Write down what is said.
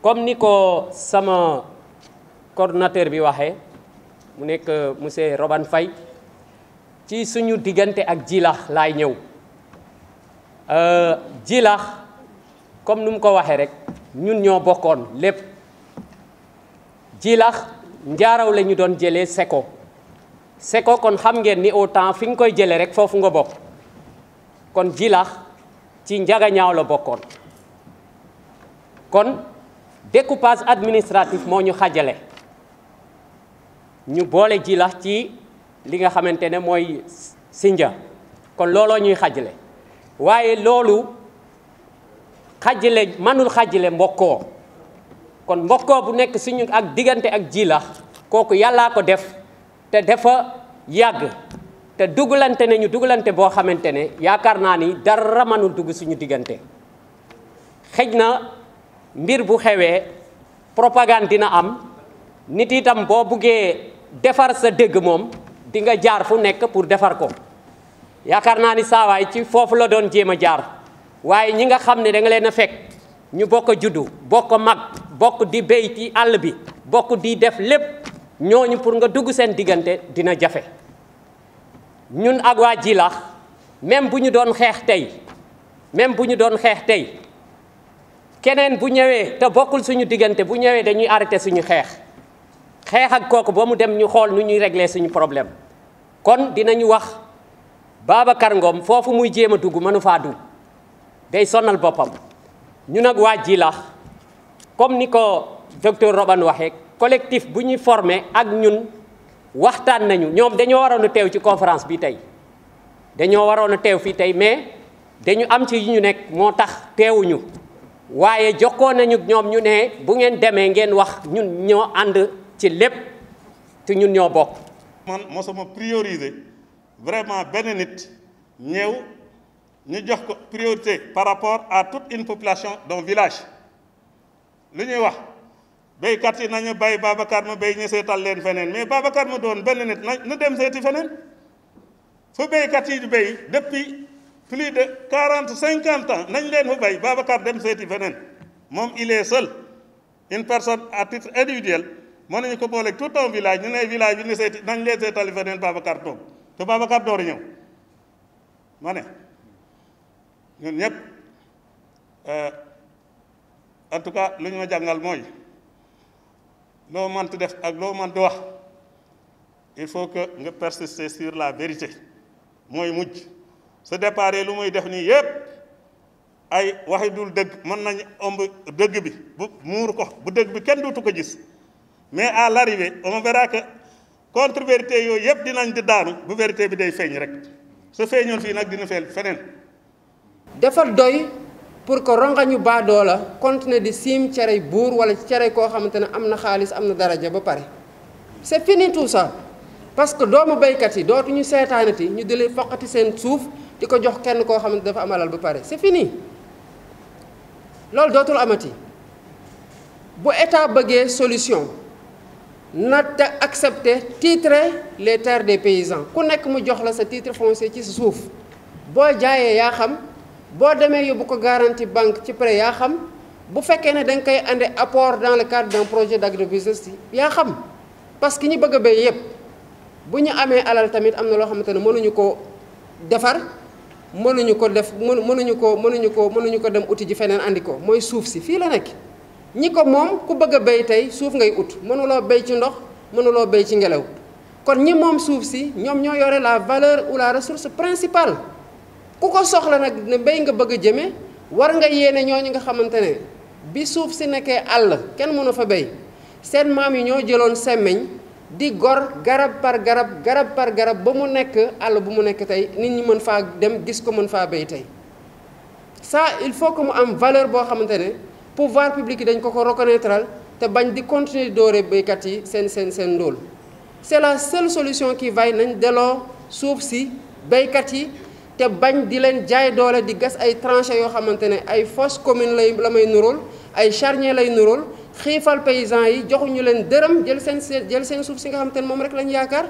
comme ni ko sama coordonnateur bi waxee mu nekk monsieur Robane Faye ci suñu diggante ak Djilakh laay ñëw euh, Djilakh comme nu mu ko waxee rek ñun ñoo bokkoon lépp Djilakh njaaraw lañu doon jëlee seko c'est ko kon xam ngeen ni au temps fi nga koy jëlee rek foofu nga bokk kon Jilax ci njaga la bokkoon kon découpage administratif moo ñu xajale ñu boole Jilax ci li nga xamante ne mooy sinja kon looloo ñuy xajale waaye loolu xajale manul xajale mbokkoo kon mbokkoo bu nekk suñu ak diggante ak Jilax kooku yàllaa ko def te defa yag te dugulante ne ñu dugulante bo xamantene yaakar na ni dara mënul dug suñu digante xejna mbir bu xewé propagande dina am nit itam bo buggee defar sa dégg mom di nga jaar fu nek pour defar ko yaakar na ni way ci fofu la doon jema jaar waye ñi nga xam da nga leena fek ñu bokk juddu bokk mag bokk di béy all bi bokk di def lepp ñooñu pour nga dugg seen diggante dina jafe ñun ak waa Jilax même bu ñu doon xeex tey même bu ñu doon xeex tey keneen bu ñëwee te bokkul suñu diggante bu ñëwee dañuy arrêté suñu xeex xeex ak kooku ba mu dem ñu xool nu ñuy régler suñu problème kon dinañu wax Babacar Ngom foofu muy jéem a dugg mënu faa dugg day sonal boppam ñun ak waa Jilax comme ni ko docteur Roban waxeek collectif bu ñuy formé ak ñun waxtaan nañu ñoom dañoo waroon a teew ci conférence bi tey dañoo waroon a teew fii tey mais dañu am ci yi ñu nekk moo tax teewuñu waaye jokkoo nañu ñoom ñu ne bu ngeen demee ngeen wax ñun ñoo ànd ci lépp te ñun ñoo bokk. man mosuma prioriser vraiment benn nit ñëw ñu jox ko priorité par rapport à toute une population d'un village lu ñuy wax. béykat yi nañu bay mais Babacar na depuis plus de 40-50 ans nañ leen fu bay Babacar dem seeti feneen il est seul une personne à titre individuel tout un village ñu ne village ñu seeti nañ leen feneen Babacar Babacar ne euh, en tout cas lu ñu lo mënti def ak loo mënti wax il faut que nga persister sur la vérité moy mujj su déparé lu muy def ni yépp ay waxi dul dëgg mën nañ ëmb dëgg bi bu muur ko bu dëgg bi kenn dootu ko gis mais à l'arrivée on verra que contre vérité yooyu yépp dinañ di daanu bu vérité bi day feeñ rek su feeñoon fii nag dina feel feneen dafa doy pour que rongañu baadoo la continuer di siim cerey buur wala cere koo xamante ne am na xaalis am na daraja ba pare c'est fini tout ça parce que doomu béykat yi dootuñu seetaanati ñu di lay foqati seen suuf di ko jox kenn koo xamante dafa amalal ba pare c'est fini loolu dootul amati bu état bëggee solution na te accepter titrer les terres des paysans ku nekk mu jox la sa titre foncé ci suuf boo jaayee yaa xam bo demee yobou ko garantie bank ci prêt ya xam bu féké né dang kay andé apport dans le cadre d'un projet d'agrobusiness ya xam parce que ñi bëgg bay yépp bu ñu amé alal tamit am lo loo mënuñu ko defar mënuñu ko def mënuñu ko mënuñu ko mënuñu ko dem uti ji fénen andiko ko souf ci fi la nek ñi ko mom ku bëgg bay tay souf ngay ut mënuloo bay ci ndox mënuloo bay ci ngelew kon ñi mom souf ci ñom ñoo yoré la valeur ou la ressource principale ku ko soxla nag ne bay nga bëgg a jëmee war nga yéene ñoo ñooñu nga xamante ne bi suuf si nekkee àll kenn mënu fa bay seen maam yi ñoo jëloon semmiñ di gor garab par garab garab par garab ba mu nekk àll bu mu nekk tey nit ñi mën faa dem gis ko mën faa bay tey saa il faut que mu am valeur boo xamante ne pouvoir public yi dañ ko ko reconnaître te bañ di continuer doore béykat yi seen seen seen ndóol c'est la seule solution qui vaille nañ delloo suuf si béykat yi te bañ di leen jaay doole di gas ay tranchées yoo xamante ne ay fosse commune lay la may nuróol ay charnier lay nuróol xiifal paysans yi joxuñu leen dërëm jël seen jël seen suuf si nga xamante ne moom rek lañ yaakaar